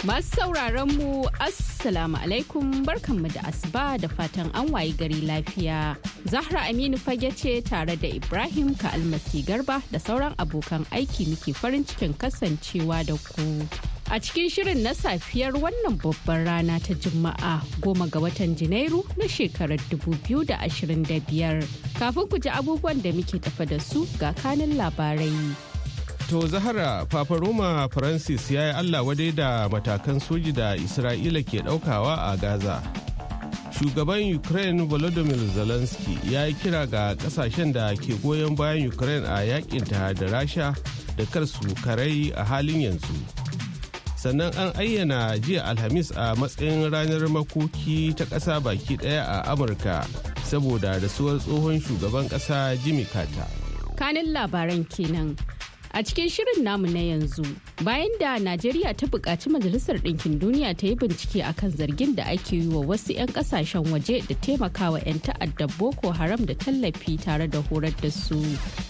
Masu sauraron mu Assalamu alaikum barkanmu da asuba da fatan an wayi gari lafiya. Zahra Aminu fage ce tare da Ibrahim Ka'almasi Garba da sauran abokan aiki muke farin cikin kasancewa da ku. A cikin shirin na safiyar wannan babbar rana ta Juma'a goma ga watan Janairu na shekarar 2025. Kafin ku ji abubuwan da muke tafa da su ga kanin labarai. To Zahara Papa Roma Francis ya yi Allah wadai da matakan soji da Isra'ila ke ɗaukawa a Gaza. Shugaban Ukraine Volodymyr Zelensky ya yi kira ga kasashen da ke goyon bayan Ukraine a yakinta da Rasha da kar su karai a halin yanzu. Sannan an ayyana jiya Alhamis a matsayin ranar makoki ta ƙasa baki ɗaya a Amurka saboda rasuwar tsohon shugaban ƙasa Jimmy Carter. Kanin labaran kenan. A cikin shirin namu na yanzu, bayan da Najeriya ta buƙaci Majalisar Ɗinkin Duniya ta yi bincike akan zargin da ake yi wa wasu 'yan ƙasashen waje da taimakawa 'yan ta'addar Boko Haram da tallafi tare da horar da su.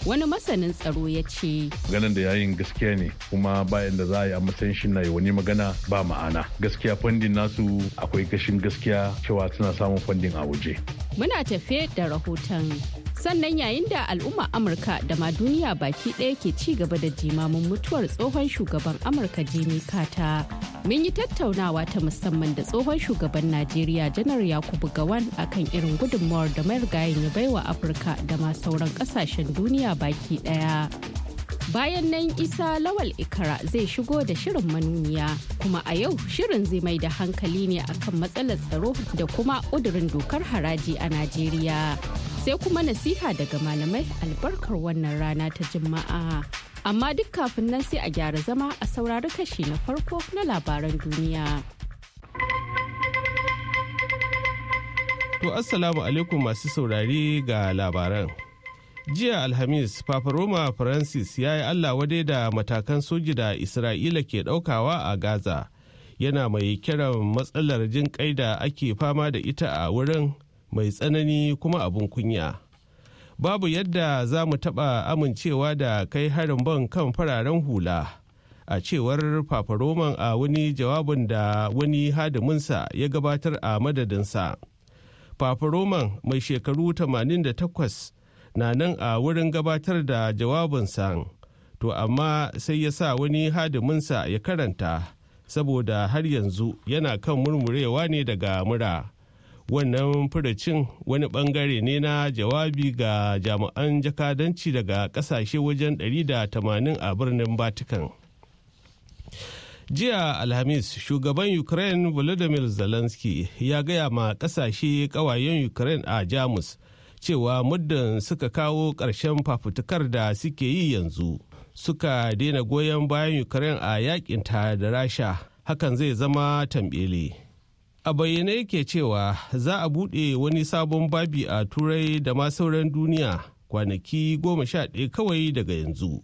Wani masanin tsaro ya ce. Maganar da yayin gaskiya ne kuma bayan da za a yi a matsayin shi na yi wani magana ba ma'ana. Gaskiya fandin nasu akwai gashin gaskiya cewa suna samun fandin a waje. Muna tafe da rahoton sannan yayin da al'umma amurka da ma duniya baki ɗaya ke ci gaba da jimamin mutuwar tsohon shugaban amurka jimmy kata mun yi tattaunawa ta musamman da tsohon shugaban najeriya janar yakubu gawan akan irin gudunmawar da marigayin ya baiwa afirka da ma sauran ƙasashen duniya baki ɗaya bayan nan isa lawal ikara zai shigo da shirin manuniya kuma a yau shirin zai mai da hankali ne akan matsalar tsaro da kuma ƙudurin dokar haraji a najeriya sai kuma nasiha daga malamai albarkar wannan rana ta jima'a Amma duk kafin nan sai a gyara zama a saurari kashi na farko na labaran duniya. To Assalamu alaikum masu saurari ga labaran. Jiya Alhamis, Papa Roma Francis ya yi Allah wadai da matakan soji da Isra'ila ke daukawa a Gaza, yana mai kiran matsalar jin kai da ake fama da ita a wurin mai tsanani kuma abun kunya babu yadda za mu taɓa amincewa da kai harin ban kan fararen hula a cewar fafaroman a wani jawabin da wani hadiminsa ya gabatar a madadinsa fafaroman mai shekaru 88 na nan a wurin gabatar da jawabinsa to amma sai ya sa wani hadiminsa ya karanta saboda har yanzu yana kan murmurewa ne daga mura wannan furacin wani bangare ne na jawabi ga jami'an jakadanci daga kasashe wajen 180 a birnin vatican jiya alhamis shugaban ukraine volodymyr zelensky ya gaya ma kasashe kawayen ukraine a jamus cewa muddin suka kawo ƙarshen fafutukar da suke yi yanzu suka daina goyon bayan ukraine a yakinta da rasha hakan zai zama tambele. a bayyane yake cewa za a buɗe wani sabon babi a turai da ma sauran duniya kwanaki goma sha ɗaya kawai daga yanzu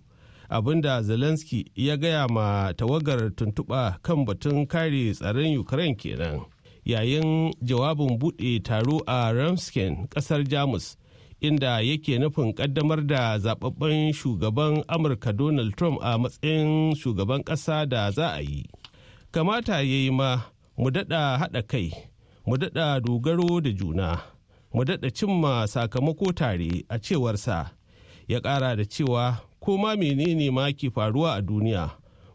abinda zelensky ya gaya ma tawagar tuntuɓa kan batun kare tsaron ukraine kenan yayin jawabin buɗe taro a ramsken ƙasar jamus inda yake nufin ƙaddamar da zababben shugaban amurka donald trump a matsayin shugaban ƙasa da za a yi kamata ya yi ma mu daɗa haɗa kai mu daɗa dogaro da juna mu daɗa cimma sakamako tare a cewarsa ya ƙara da cewa ko ma menene ma ke faruwa a duniya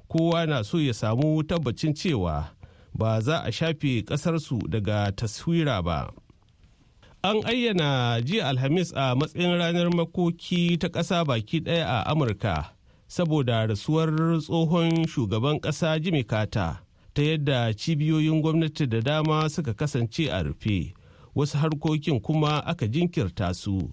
kowa na so ya samu tabbacin cewa ba za a shafe ƙasarsu daga taswira ba. An ayyana jiya Alhamis a matsayin ranar makoki ta ƙasa baki ɗaya a Amurka saboda rasuwar tsohon shugaban ƙasa jimikata. ta yadda cibiyoyin gwamnati da dama suka kasance a rufe wasu harkokin kuma aka jinkirta su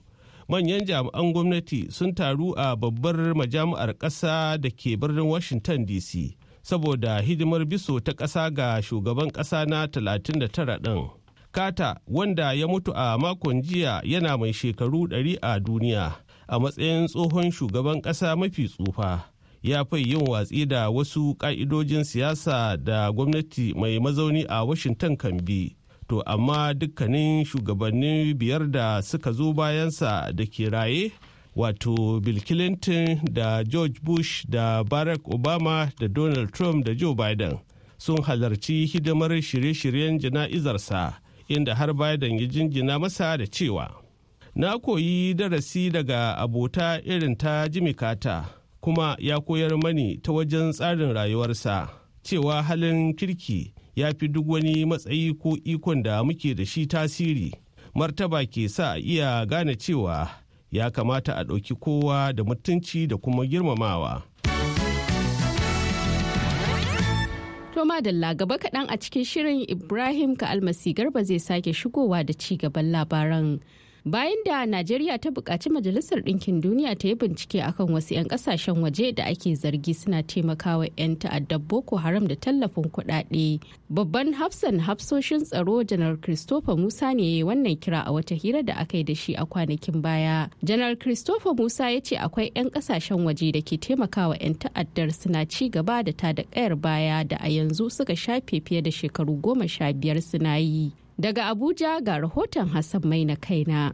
manyan jami'an gwamnati sun taru a babbar majami'ar ƙasa da ke birnin washington dc saboda hidimar biso ta ƙasa ga shugaban ƙasa na 39 ɗin kata wanda ya mutu a makon jiya yana mai shekaru 100 a duniya a matsayin tsohon shugaban ƙasa mafi tsufa ya fai yin watsi da wasu ƙa'idojin siyasa da gwamnati mai mazauni a washington kan bi to amma dukkanin shugabannin biyar da suka zo bayansa da ke raye wato bill clinton da george bush da barack obama da donald trump da joe biden sun halarci hidimar shirye-shiryen jana'izarsa inda har biden ya jinjina masa da cewa na koyi darasi daga abota irin ta jimikata kuma ya koyar mani ta wajen tsarin rayuwarsa cewa halin kirki ya fi duk wani matsayi ko ikon da muke da shi tasiri martaba ke sa iya gane cewa ya kamata a ɗauki kowa da mutunci da kuma girmamawa. toma madalla gaba kaɗan a cikin shirin Ibrahim ka almasi garba zai sake shigowa da ci gaban labaran. bayan da najeriya ta buƙaci majalisar ɗinkin duniya ta yi bincike akan wasu 'yan ƙasashen waje da ake zargi suna taimakawa 'yan ta'addar boko haram da tallafin kuɗaɗe babban hafsan hafsoshin tsaro janar christopher musa ne wannan kira a wata hira da aka yi da shi a kwanakin baya janar christopher musa ya ce akwai 'yan ƙasashen waje da ke taimakawa 'yan ta'addar suna ci gaba da ta da ƙayar baya da a yanzu suka shafe fiye da shekaru goma sha biyar suna yi Daga Abuja ga rahoton Hassan mai na kaina.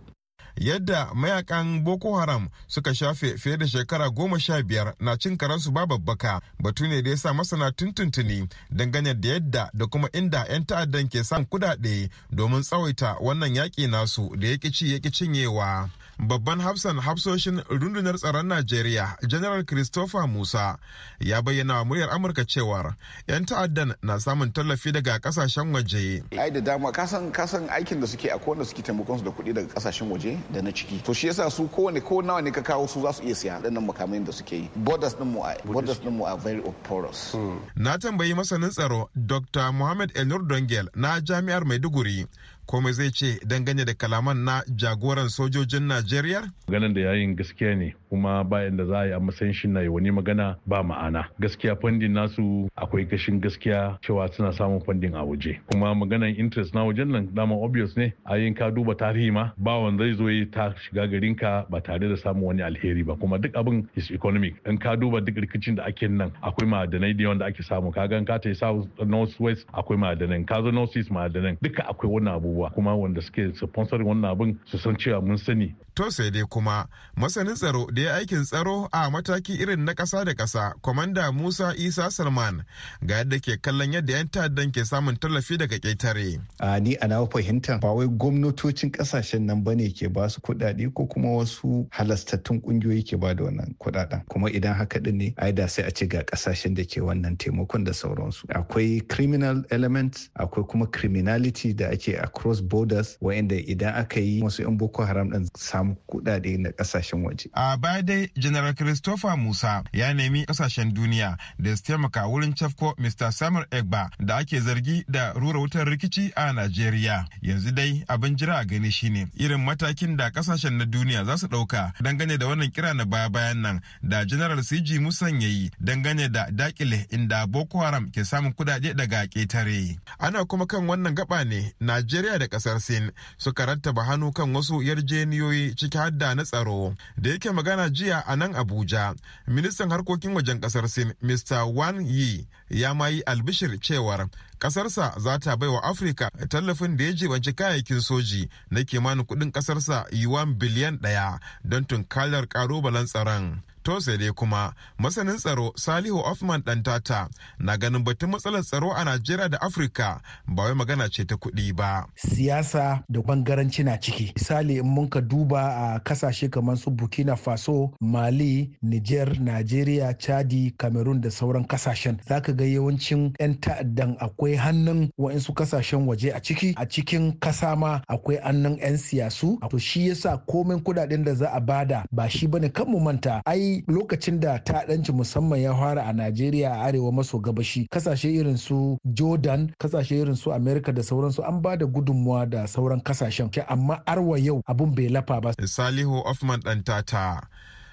Yadda mayakan Boko Haram suka shafe fiye da shekara goma sha biyar na cin karansu ba babbaka batu ne da ya sa masana tuntuntuni dangane da yadda da kuma inda 'yan ta'addan ke samun kudade domin tsawaita wannan yaƙi nasu da ya ci ya cinyewa. babban hafsan hafsoshin rundunar tsaron najeriya general christopher musa ya bayyana wa muryar amurka cewa 'yan ta'addan na samun tallafi daga kasashen waje ai da dama kasan kasan aikin da suke a kowanne suke taimakon su da kuɗi daga kasashen waje da na ciki to shi yasa su kowane ko nawa ne ka kawo su za su iya siya ɗannan makamai da suke yi borders din mu a borders din mu a very porous na tambayi masanin tsaro dr muhammad elnur dongel na jami'ar maiduguri komai zai ce dangane da kalaman na jagoran sojojin Najeriya? Ganin da yayin gaskiya ne kuma bayan da za a yi amma san shi na yi wani magana ba ma'ana. Gaskiya fandin nasu akwai gashin gaskiya cewa suna samun fandin a waje. Kuma maganan interest na wajen nan dama obvious ne a yin ka duba tarihi ma ba wanda zai zo ta shiga garin ka ba tare da samun wani alheri ba kuma duk abin is economic. In ka duba duk rikicin da ake nan akwai ma'adanai da yawan da ake samu ka gan ka ta yi south north west akwai ma'adanai ka zo north east ma'adanai duka akwai wani abu abubuwa kuma wanda suke sponsoring wannan abin su san cewa mun sani to sai dai kuma masanin tsaro da ya aikin tsaro a mataki irin na kasa da kasa kwamanda musa isa salman ga yadda ke kallon yadda 'yan ta'addan ke samun tallafi daga ƙetare. a ni a na fahimta ba wai gwamnatocin kasashen nan ba ne ke ba su kuɗaɗe ko kuma wasu halastattun ƙungiyoyi ke ba da wannan kuɗaɗen kuma idan haka ɗin ne ai da sai a ce ga kasashen da ke wannan taimakon da sauransu akwai criminal element akwai kuma criminality da ake a across borders wa'inda idan aka yi wasu 'yan boko haram ɗin samu samu kudade na kasashen waje. A baya dai General Christopher Musa ya nemi kasashen duniya da su taimaka wurin cafko Mr. Samuel Egba da ake zargi da rura wutar rikici a Najeriya. Yanzu dai abin jira a gani shine irin matakin da kasashen na duniya za su ɗauka dangane da wannan kira na baya-bayan nan da General CG Musan ya yi dangane da dakile inda Boko Haram ke samun kuɗaɗe daga ƙetare. Ana kuma kan wannan gaba ne Najeriya da kasar Sin suka rattaba hannu kan wasu yarjeniyoyi ciki hadda na tsaro da yake magana jiya a nan abuja ministan harkokin wajen kasar sin mr wan yi ya mayi albishir cewar kasarsa za ta bai wa afirka tallafin da ya jibanci kayayyakin soji na kimanin kudin kasarsa yuwan biliyan daya don tunkalar balan tsaron to dai kuma masanin tsaro salihu Othman dantata na ganin batun matsalar tsaro a najeriya da afirka ba wai magana ce ta kuɗi ba siyasa da bangaranci na ciki misali in mun ka duba a kasashe kamar su burkina faso mali niger nigeria chadi cameroon da sauran kasashen zaka ga yawancin 'yan ta'addan akwai hannun wa'insu kasashen waje a ciki a cikin kasa ma akwai hannun 'yan siyasu to shi yasa komai kudaden da za a bada ba shi bane kan mu manta ai lokacin da ɗanci musamman ya fara a Najeriya a arewa maso gabashi kasashe irin su Jordan kasashe irin su America da sauransu an ba da gudunmuwa da sauran kasashen amma arwa yau abun bai lafa ba. Salihu Ofman Dantata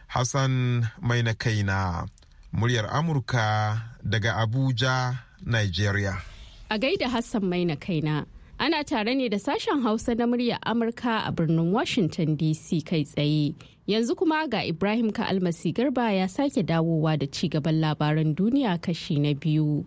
Hassan Mai na kaina muryar Amurka daga Abuja, Nigeria. A gaida Hassan Mai na kaina. Ana tare ne da sashen Hausa na murya Amurka a birnin Washington DC kai tsaye. Yanzu kuma ga Ibrahim Ka'almasi Garba ya sake dawowa da ci gaban labaran duniya kashi na biyu.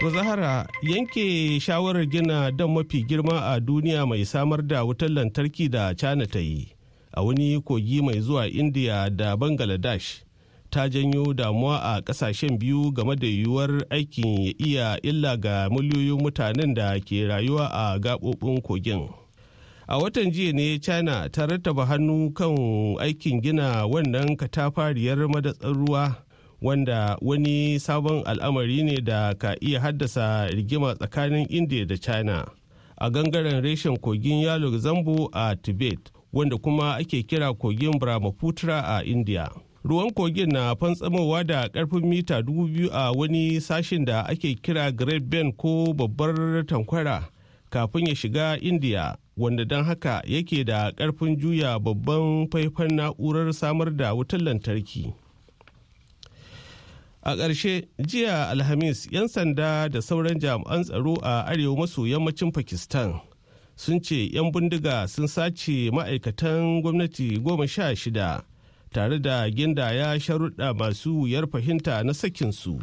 To Zahara yanke shawarar gina dam mafi girma a duniya mai samar da wutar lantarki da China ta yi a wani kogi mai zuwa India da Bangladesh ta janyo damuwa a kasashen biyu game da yiwuwar aikin ya iya illa ga miliyoyin mutanen da ke rayuwa a gaɓoɓin kogin a watan jiya ne china ta rattaba hannu kan aikin gina wannan katafariyar madatsar ruwa wanda wani sabon al'amari ne da ka iya haddasa rigima tsakanin india da china a gangaren reshen kogin yalo zambo a tibet wanda kuma ake kira kogin brahmaputra a india ruwan kogin na fantsamowa da karfin mita dubu biyu a wani sashin da ake kira great bend ko babbar tankwara kafin ya shiga india wanda don haka yake da karfin juya babban faifan na'urar samar da wutar lantarki a ƙarshe jiya alhamis 'yan sanda da sauran jami'an tsaro a arewa maso yammacin pakistan sun ce 'yan bindiga sun sace ma'aikatan gwamnati goma sha shida tare da gindaya sharuɗa masu wuyar fahimta na sakinsu.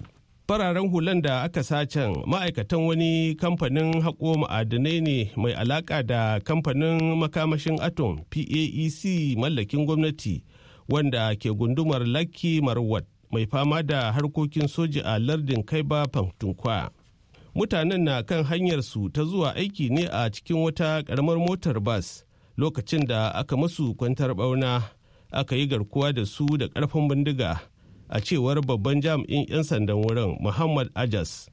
Fararen hulan da aka sacen ma'aikatan wani kamfanin haƙo ma'adanai ne mai alaƙa da kamfanin makamashin atom PAEC mallakin gwamnati wanda ke gundumar Lucky Marwat mai fama da harkokin soji a lardin Kaiba Pakhtunkhwa. Mutanen na kan hanyarsu ta zuwa aiki ne a cikin wata ƙaramar motar bas. lokacin da aka masu kwantar bauna aka yi garkuwa da su da karfin bindiga a cewar babban jami'in 'yan sandan wurin muhammad ajas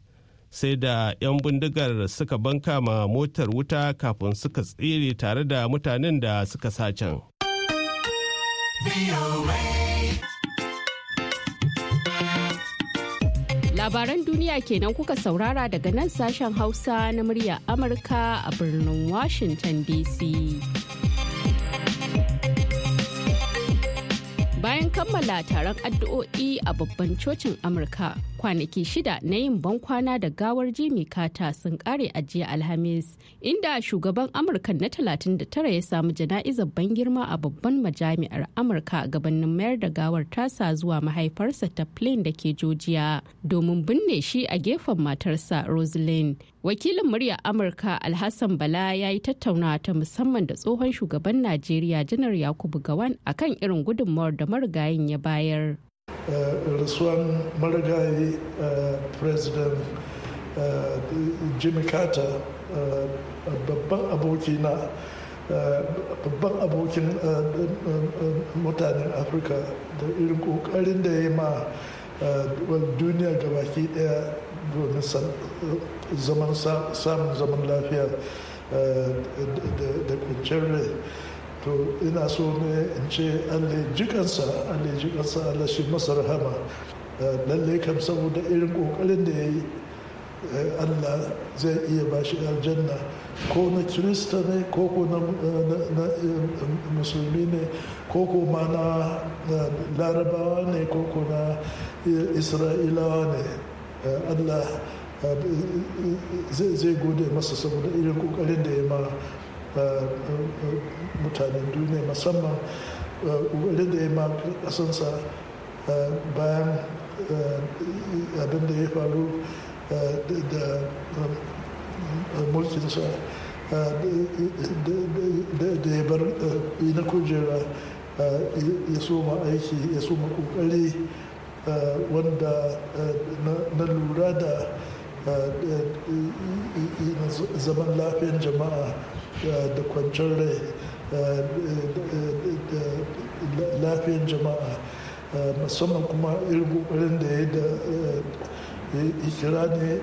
sai da 'yan bindigar suka banka ma motar wuta kafin suka tsere tare da mutanen da suka sacen labaran duniya kenan kuka saurara daga nan sashen hausa na murya amurka a birnin washington dc bayan kammala taron addu'o'i a babban cocin amurka kwanaki shida na yin bankwana da gawar jimmy Kata sun kare a jiya alhamis inda shugaban amurka na 39 ya samu jana'izar ban girma a babban majami'ar amurka gabanin mayar da gawar tasa zuwa mahaifarsa ta plain da ke jojiya domin binne shi a gefen matarsa rosalind wakilin murya amurka alhassan bala ya yi tattaunawa ta musamman da tsohon shugaban najeriya janar yakubu gawan akan irin gudunmawar da marigayin ya bayar Eh, rasuwan marigayi eh, president eh, jimmy carter babban abokina babban abokin mutanen afirka da irin kokarin da ya ma duniya gabaki daya domin samun zaman lafiya da kwanciyar rai to ina so ne in ce allah jikansa allah jikansa allah masa rahama eh, lallai kam saboda irin kokarin da ya yi eh, allah zai iya ba shi aljanna ko na kirista ne ko ko na eh, musulmi ne ko ko ma na larabawa ne ko ko na isra'ilawa ne allah zai gode masa saboda irin kokarin da ya ma mutanen duniya musamman kokarin eh, da ya ma kasansa eh, bayan eh, abin da ya faru da mulkinsa da ya bar na kujera ya soma aiki ya soma kokari wanda na lura da zaman lafiyan jama'a da kwanciyar rai eh, eh, da lafiyar jama'a eh, musamman kuma irin da ya da ikira ne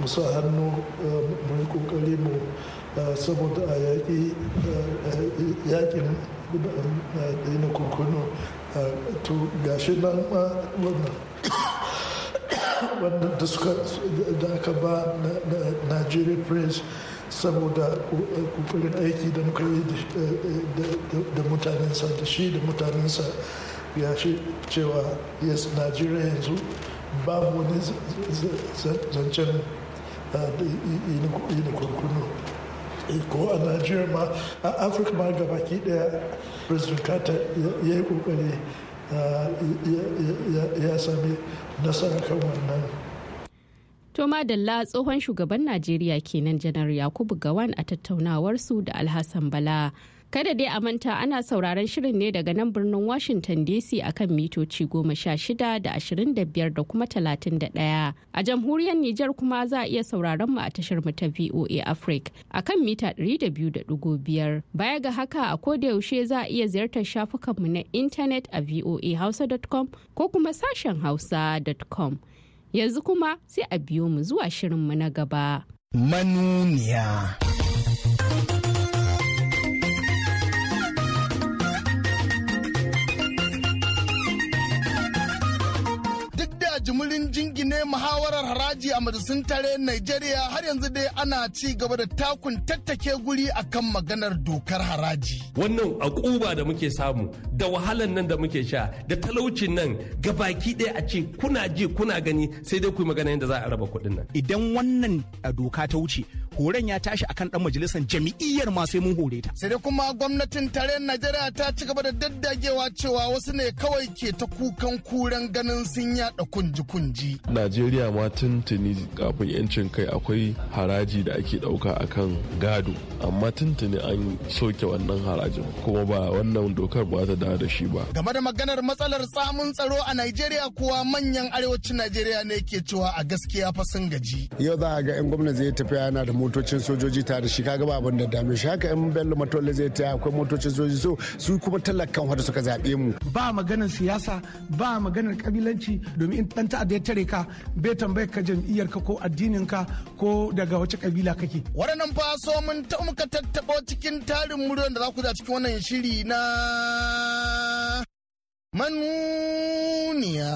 musa hannu mai kokari mu saboda a yaƙi yaƙin na kurkunu to gashi nan ma wannan wannan da suka da aka ba na nigeria press saboda kukurin aiki da muka yi da mutanensa da shi da mutanensa ya shi cewa yes nigeria yanzu babu wani zancen yi ah, kurkunu eh, ko a nigeria ma a afirka ma gabaki daya president carter ya yi kokari ya sami nasara kan wannan Toma Dalla tsohon shugaban Najeriya kenan janar Yakubu Gawan a tattaunawarsu da Alhassan Bala. Kada dai a manta ana sauraron shirin ne daga nan birnin Washington DC akan mitoci goma sha shida da ashirin da biyar da kuma talatin da ɗaya. A jamhuriyar Nijar kuma za a iya sauraron mu a tashar mu ta VOA Africa akan mita ɗari da biyu da ɗigo biyar. Baya ga haka a ko da yaushe za a iya ziyartar shafukan mu na intanet a voahausa.com ko kuma sashen hausa.com. Yanzu kuma sai a biyo mu zuwa shirin mu na gaba. Manuniya. jimurin jingine muhawarar haraji a majalisun tare Najeriya har yanzu dai ana ci gaba da takun tattake guri akan maganar dokar haraji. Wannan akuba da muke samu da wahalan nan da muke sha da talaucin nan gabaki ɗaya a ce kuna ji kuna gani sai dai ku yi magana yadda za a raba kuɗin nan. Idan wannan doka ta wuce horon ya tashi akan ɗan majalisar jami'iyyar ma mun hore ta. Sai dai kuma gwamnatin tare Najeriya ta ci gaba da daddagewa cewa wasu ne kawai ke ta kukan kuren ganin sun yaɗa kun kunji-kunji. Najeriya ma tuntuni kafin 'yancin kai akwai haraji da ake ɗauka akan gado amma tuntuni an soke wannan harajin kuma ba wannan dokar ba ta da shi ba. Game da maganar matsalar samun tsaro a Najeriya kuwa manyan arewacin Najeriya ne ke cewa a gaskiya fa sun gaji. Yau za a ga 'yan gwamnati zai tafi yana da motocin sojoji tare shi kaga ba abin da dame shi haka 'yan Bello matole zai tafi akwai motocin sojoji so su kuma talakan wanda suka zaɓe mu. Ba maganar siyasa ba maganar kabilanci domin in dan ta'adda ya tare ka bai tambayar ka jam'iyyar ka ko addinin ka ko daga wace kabila kake waɗannan fa so mun ta muka tattabo cikin tarin muryar da za ku da cikin wannan shiri na manuniya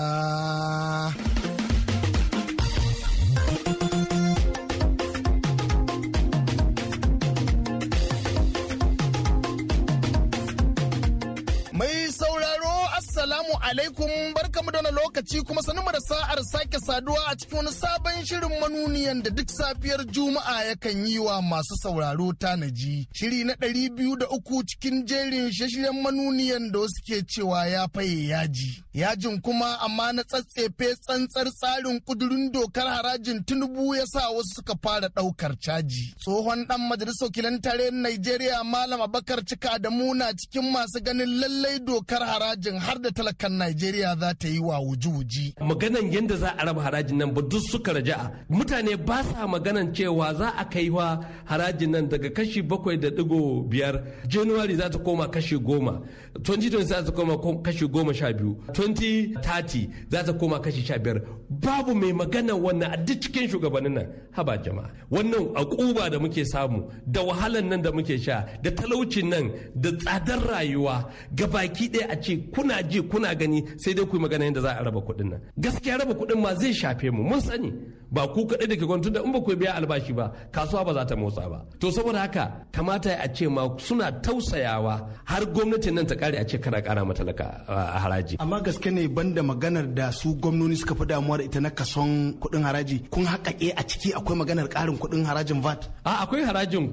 lokaci kuma sanin da sa'ar sake saduwa a cikin wani sabon shirin manuniyan da duk safiyar Juma'a yakan yi wa masu sauraro tanaji. Shiri na ɗari biyu da uku cikin jerin shashiren manuniyan da wasu ke cewa ya faye yaji. Yajin kuma amma na tsatsefe tsantsar tsarin kudurin dokar harajin Tinubu ya sa wasu suka fara ɗaukar caji. Tsohon ɗan majalisar wakilan tarayyar Najeriya Malam Abakar Cika Adamu na cikin masu ganin lallai dokar harajin har da talakan Najeriya za ta yi wa wuji. wuji maganan yadda za a raba harajin nan ba duk suka raja'a mutane ba sa maganan cewa za a kai wa harajin nan daga kashi bakwai da ɗigo biyar january za ta koma kashi goma 2020 za ta koma kashi goma sha biyu 2030 za ta koma kashi sha biyar babu mai maganan wannan a duk cikin shugabannin nan haba jama'a wannan akuba da muke samu da wahalan nan da muke sha da talaucin nan da tsadar rayuwa ga baki ɗaya a ce kuna ji kuna gani sai dai ku yi magana yadda za a raba kuɗin nan gaskiya raba kuɗin ma zai shafe mu mun sani ba ku kaɗai da ke gwamnati da in ba ku biya albashi ba kasuwa ba za ta motsa ba to saboda haka kamata a ce ma suna tausayawa har gwamnatin nan ta kare a ce kana kara laka a haraji amma gaske ne banda maganar da su gwamnoni suka fi damuwa da ita na kason kuɗin haraji kun haƙaƙe a ciki akwai maganar ƙarin kuɗin harajin vat a akwai harajin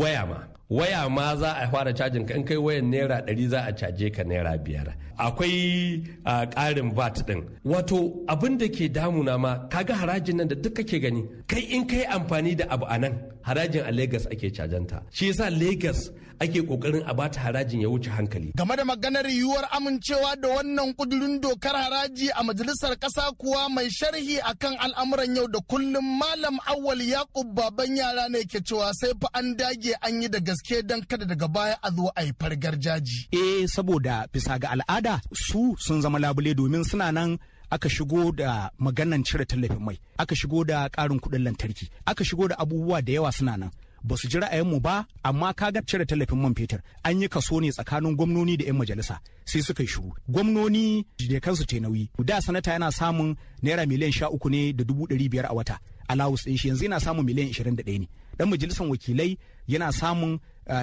waya ma waya ma za a fara cajin ka in kai wayan naira ɗari za a caje ka naira biyar akwai ƙarin vat ɗin wato abin da ke damuna ma kaga harajin nan da duk kake gani kai in kai amfani da abu a nan harajin a Legas ake cajanta shi yasa Legas. ake kokarin a bata harajin ya wuce hankali. Game da maganar yiwuwar amincewa da wannan kudurin dokar haraji a majalisar ƙasa kuwa mai sharhi akan al'amuran yau da kullum Malam Awwal Yakub baban yara ne ke cewa sai fa an dage an yi da gaske dan kada daga baya a zo a yi fargar jaji. Eh saboda bisa ga al'ada su sun zama labule domin suna nan aka shigo da maganan cire tallafin mai aka shigo da ƙarin kuɗin lantarki aka shigo da abubuwa da yawa suna nan ba su ji ra'ayinmu ba amma ka kaga cire tallafin man fetur an yi kaso ne tsakanin gwamnoni da 'yan majalisa sai suka yi shiru gwamnoni da kansu ta nauyi da sanata yana samun naira miliyan sha uku ne da dubu ɗari biyar a wata alawus ɗin shi yanzu yana samun miliyan ishirin da ɗaya ne dan majalisan wakilai yana samun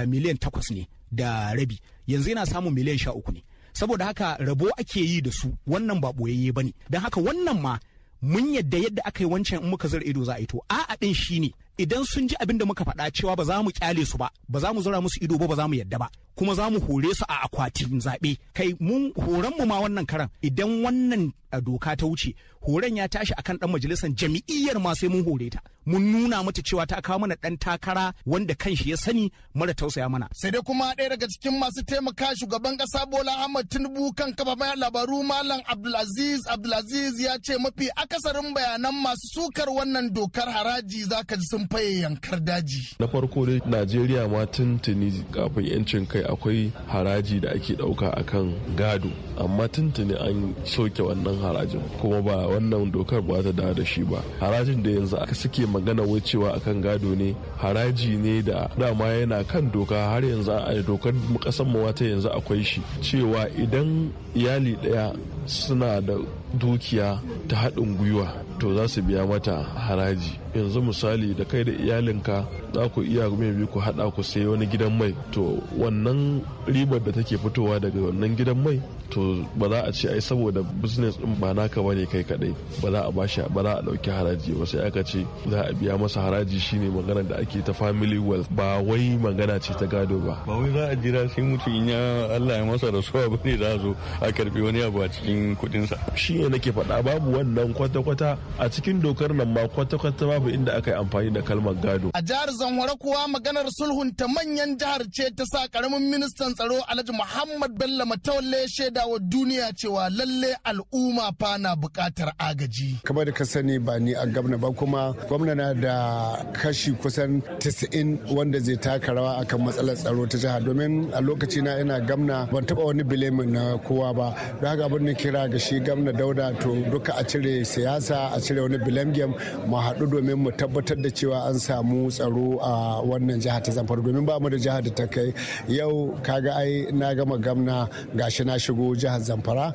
miliyan takwas ne da rabi yanzu yana samun miliyan sha uku ne saboda haka rabo ake yi da su wannan ba ɓoyayye ba ne don haka wannan ma mun yadda yadda aka yi wancan in muka zira ido za a yi to a'a ɗin shi ne idan sun ji abin da muka faɗa cewa ba za mu kyale su ba ba za mu zura musu ido ba ba za mu yadda ba kuma za mu hore su a akwatin zaɓe kai mun horon mu ma wannan karan idan wannan doka ta wuce horon ya tashi akan dan majalisar jami'iyyar ma sai mun hore ta mun nuna mata cewa ta kawo mana ɗan takara wanda kan shi ya sani mara tausaya mana sai dai kuma ɗaya daga cikin masu taimaka shugaban ƙasa Bola Ahmad Tinubu kan mai labaru Malam Abdulaziz Abdulaziz ya ce mafi akasarin bayanan masu sukar wannan dokar haraji zaka ji sun faye yankar daji na farko dai Najeriya ma tuntuni kafin yancin kai akwai haraji da ake dauka akan gado amma tuntuni an soke wannan harajin kuma ba wannan dokar ba ta da shi ba harajin da yanzu aka suke magana wucewa akan gado ne haraji ne da dama yana kan doka har yanzu a dokar kasan wata yanzu akwai shi cewa idan iyali daya suna da dukiya ta haɗin gwiwa to za su biya mata haraji yanzu misali da kai da iyalinka za ku iya mai ku haɗa ku sai wani gidan mai to wannan ribar da take fitowa daga wannan gidan mai to ba za a ce ai saboda business din ba naka bane kai kadai ba za a bashi ba za a dauki haraji ba sai aka ce za a biya masa haraji shine magana da ake ta family wealth ba wai magana ce ta gado ba ba wai za a jira sai mutum in ya Allah ya masa rasuwa bane za a zo a karbi wani abu a cikin kudin sa shi ne nake faɗa babu wannan kwata kwata a cikin dokar nan ma kwata kwata babu inda aka yi amfani da kalmar gado a jihar Zamfara kuwa maganar sulhun ta manyan jihar ce ta sa karamin ministan tsaro Alhaji Muhammad Bello Mataulle shaida wa duniya cewa lalle al'umma fa na buƙatar agaji kamar da ka sani ba ni a gwamna ba kuma gwamna na da kashi kusan 90 wanda zai taka rawa akan matsalar tsaro ta jiha domin a lokaci na ina gamna ban taba wani bilemin na kowa ba don haka abin da kira ga shi gamna dauda to duka a cire siyasa a cire wani bilemgem mu haɗu domin mu tabbatar da cewa an samu tsaro a wannan jiha ta zamfara domin ba mu da jiha da ta kai yau kaga ai na gama gamna gashi na shigo jihar zamfara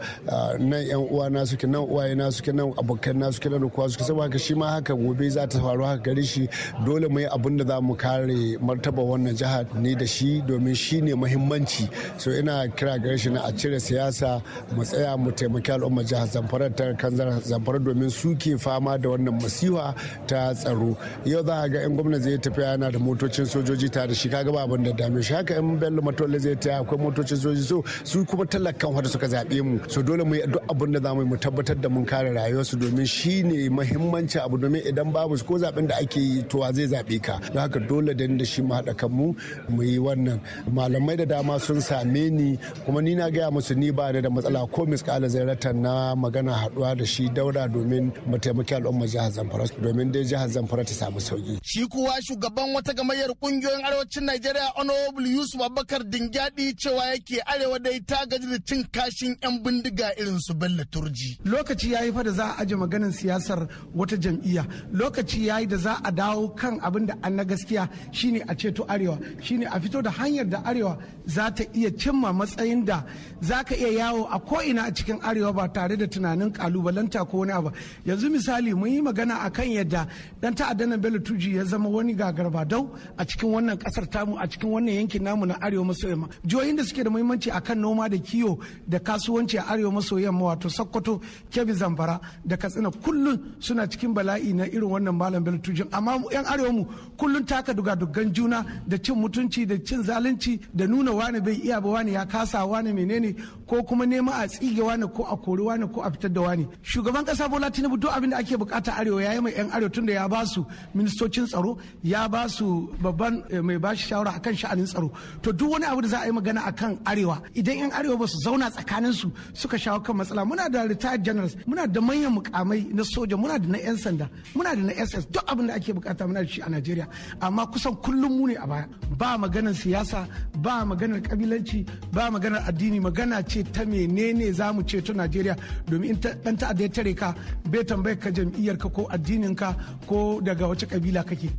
nan yan uwa na suke nan uwaye na suke nan abokan na suke nan kuwa suke saboda shi ma haka gobe za ta faru haka gare shi dole mu yi abin da za mu kare martaba wannan jihar ni da shi domin shi ne muhimmanci so ina kira gare shi na a cire siyasa mu tsaya mu taimaki al'ummar jihar zamfara ta kanzar zamfara domin suke fama da wannan masiwa ta tsaro yau za a ga yan gwamnati zai tafiya yana da motocin sojoji tare da shi kaga ba abin da dame shi haka yan bello matolle zai tafiya akwai motocin sojoji so su kuma talakan da suka zaɓe mu so dole mu yi duk abin da zamu mu tabbatar da mun kare rayuwarsu domin shine muhimmanci abu domin idan babu ko zaben da ake yi to zai zaɓe ka don haka dole da da shi mu haɗa kanmu mu yi wannan malamai da dama sun same ni kuma ni na gaya musu ni ba da matsala ko miskala zairatan na magana haduwa da shi daura domin mu taimaki al'ummar jihar zamfara domin dai jihar zamfara ta samu sauki. shi kuwa shugaban wata gamayyar kungiyoyin arewacin najeriya honorable yusuf abubakar dingyadi cewa yake arewa dai ta gaji da cin kashin 'yan bindiga irin su Bello Turji. Lokaci yayi fa da za a aje maganin siyasar wata jam'iyya. Lokaci yayi da za a dawo kan abin da an na gaskiya shine a ceto arewa shine a fito da hanyar da arewa za ta iya cimma matsayin da za ka iya yawo a ko'ina a cikin arewa ba tare da tunanin kalubalanta ko wani abu yanzu misali mun yi magana akan yadda dan ta'addanan bello turji ya zama wani gagarbadau a cikin wannan kasar tamu a cikin wannan yankin namu na arewa maso yamma jihohin da suke da muhimmanci akan noma da kiwo da kasuwanci a arewa maso yamma wato sokoto kebbi zamfara da katsina kullum suna cikin bala'i na irin wannan malam bello tujin amma yan arewa mu kullum taka duga dugan juna da cin mutunci da cin zalunci da nuna wani bai iya ba wani ya kasa wani menene ko kuma nema a tsige wani ko a kori wani ko a fitar da wani shugaban kasa bola tinubu duk abin da ake bukata arewa yayi mai yan arewa tunda ya ba su ministocin tsaro ya ba su babban eh, mai bashi shawara akan sha'anin tsaro to duk wani abu da za a yi magana akan arewa idan yan arewa ba su zauna tsakanin su suka shawo kan matsala muna da retired generals muna da manyan mukamai na soja muna da na yan sanda muna da na ss duk abin da ake bukata muna da shi a najeriya amma kusan kullum mu ne a baya ba maganar siyasa ba maganar kabilanci ba maganar addini magana ce ta menene za mu ceto najeriya domin in dan ta'adda ya tare ka bai tambayar ka jam'iyyar ka ko addinin ka ko daga wace kabila kake.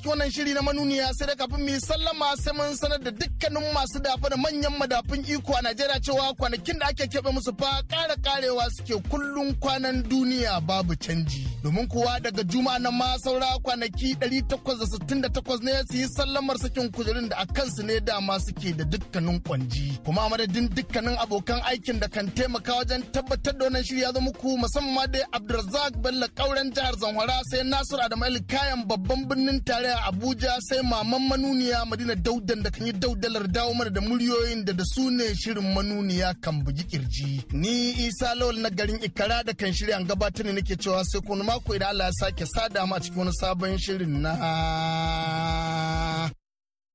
cikin wannan shiri na manuniya sai da kafin mu sallama sai mun sanar da dukkanin masu dafa da manyan madafun iko a Najeriya cewa kwanakin da ake keɓe musu fa ƙara ƙarewa suke kullun kwanan duniya babu canji. Domin kuwa daga juma'a nan ma saura kwanaki 868 ne su yi sallamar sakin kujerun da a kansu ne dama suke da dukkanin kwanji. Kuma madadin dukkanin abokan aikin da kan taimaka wajen tabbatar da wannan shiri ya zo muku musamman dai Abdulrazak Bello kauren jihar Zamfara sai Nasiru Adamu kayan babban birnin tarayya Abuja sai maman manuniya Madina Daudan da kan yi daudalar dawo mana da muryoyin da da su ne shirin manuniya kan bugi kirji. Ni Isa Lawal na garin Ikara da kan shirya gabatar ne nake cewa sai kuma mako idan Allah ya sake sada mu a cikin wani sabon shirin na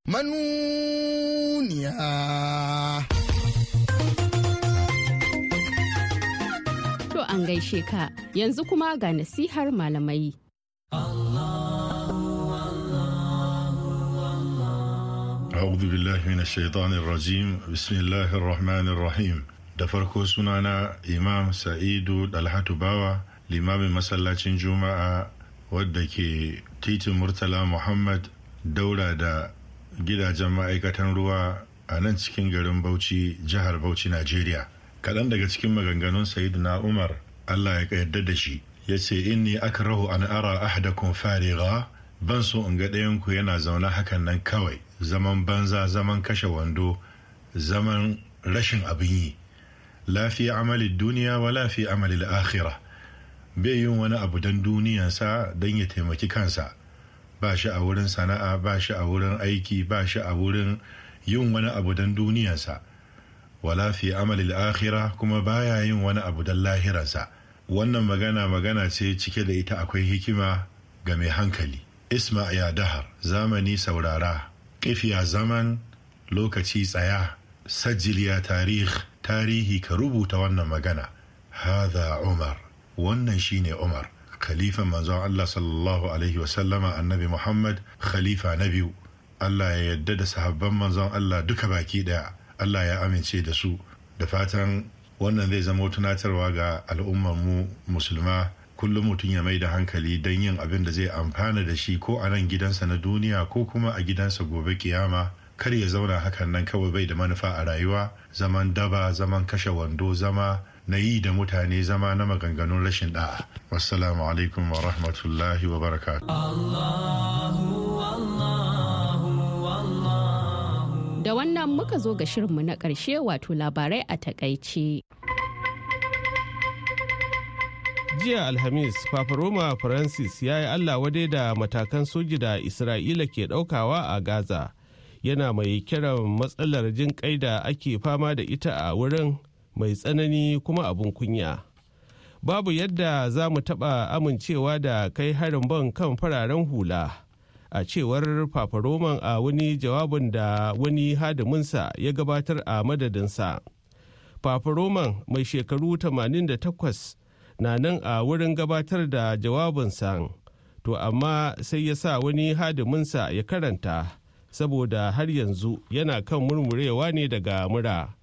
manuniya. To an gaishe ka yanzu kuma ga nasihar malamai. Allah. أعوذ بالله من الشيطان الرجيم بسم الله الرحمن الرحيم da farko sunana imam sa'idu dalhatu bawa limamin masallacin juma'a wadda ke titin murtala muhammad daura da gidajen ma'aikatan ruwa a nan cikin garin bauchi jihar bauchi najeriya kaɗan daga cikin maganganun na umar allah ya yarda da shi ya ce inni rahu an ara ahadakum fariga ban so in ga ɗayanku yana zaune hakan nan kawai zaman banza zaman kashe wando zaman rashin abin yi lafiya amalin duniya wa lafiya amalin akhira bai yin wani abu don duniyansa don ya taimaki kansa ba shi a wurin sana'a ba shi a wurin aiki ba shi a wurin yin wani abu don duniyansa wa lafiya amalil akhira kuma baya yin wani abu don lahiransa wannan magana magana ce cike da ita akwai hikima ga mai hankali isma ya dahar zamani saurara kifiya zaman lokaci tsaya sajiliya tarih tarihi ka rubuta wannan magana hadha umar wannan shine umar khalifa manzon Allah sallallahu alaihi wasallama annabi Muhammad khalifa na biyu Allah ya yadda da sahabban manzon Allah duka baki daya Allah ya amince da su da fatan wannan zai zama tunatarwa ga al'ummar mu musulma kullum mutum ya mai da hankali don yin abin da zai amfana da shi ko a nan gidansa na duniya ko kuma a gidansa gobe kiyama kar ya zauna hakan nan kawai bai da manufa a rayuwa zaman daba zaman kashe wando zama na yi da mutane zama na maganganun rashin da'a wassalamu alaikum wa rahmatullahi wa da wannan muka zo ga shirinmu na ƙarshe wato labarai a takaice jiya alhamis fafaroma francis ya yi allah wadai da matakan soji da isra'ila ke daukawa a gaza yana mai kiran matsalar jin kai da ake fama da ita a wurin mai tsanani kuma abun kunya babu yadda za mu taɓa amincewa da kai harin ban kan fararen hula a cewar fafaroman a wani jawabin da wani hadiminsa ya gabatar a madadinsa fafaroman mai shekaru 88 na nan a wurin gabatar da jawabinsa to amma sai ya sa wani hadiminsa ya karanta saboda har yanzu yana kan murmurewa ne daga mura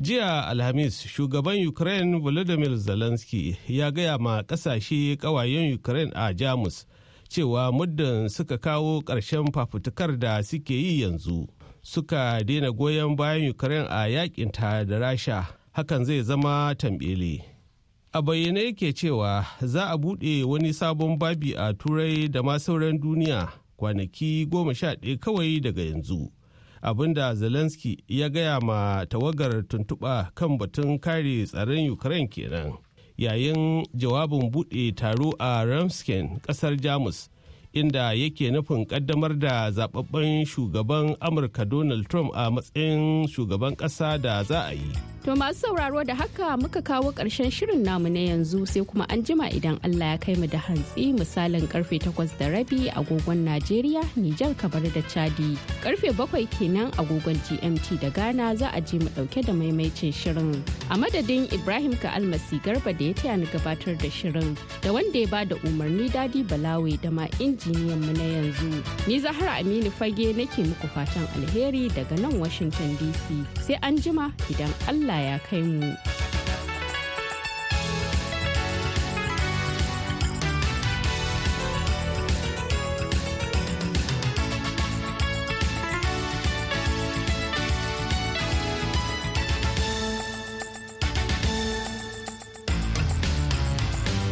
jiya alhamis shugaban ukraine volodymyr zelensky ya gaya ma kasashe kawayen ukraine a jamus cewa muddin suka kawo ƙarshen fafutukar da suke yi yanzu suka daina goyon bayan ukraine a yaƙin ta da rasha hakan zai zama tambele. a bayyane yake cewa za a buɗe wani sabon babi a turai da ma sauran duniya kwanaki goma sha ɗaya kawai daga yanzu abinda zelensky ya gaya ma tawagar tuntuɓa kan batun kare tsaron ukraine kenan yayin jawabin buɗe taro a ramsken ƙasar jamus inda yake nufin ƙaddamar da zaɓaɓɓen shugaban amurka donald trump a matsayin shugaban ƙasa da za a yi To masu sauraro da haka muka kawo ƙarshen shirin namu na yanzu sai kuma an jima idan Allah ya kai mu da hantsi misalin karfe takwas da rabi agogon Najeriya, Nijar kabar da Chadi. Karfe bakwai kenan agogon GMT da Ghana za a je mu ɗauke da maimaicin shirin. A madadin Ibrahim ka almasi garba da ya taya ni gabatar da shirin da wanda ya bada umarni dadi Balawe da ma injiniyan mu na yanzu. Ni Zahra Aminu Fage nake muku fatan alheri daga nan Washington DC. Sai an jima idan Allah 哎呀，可以。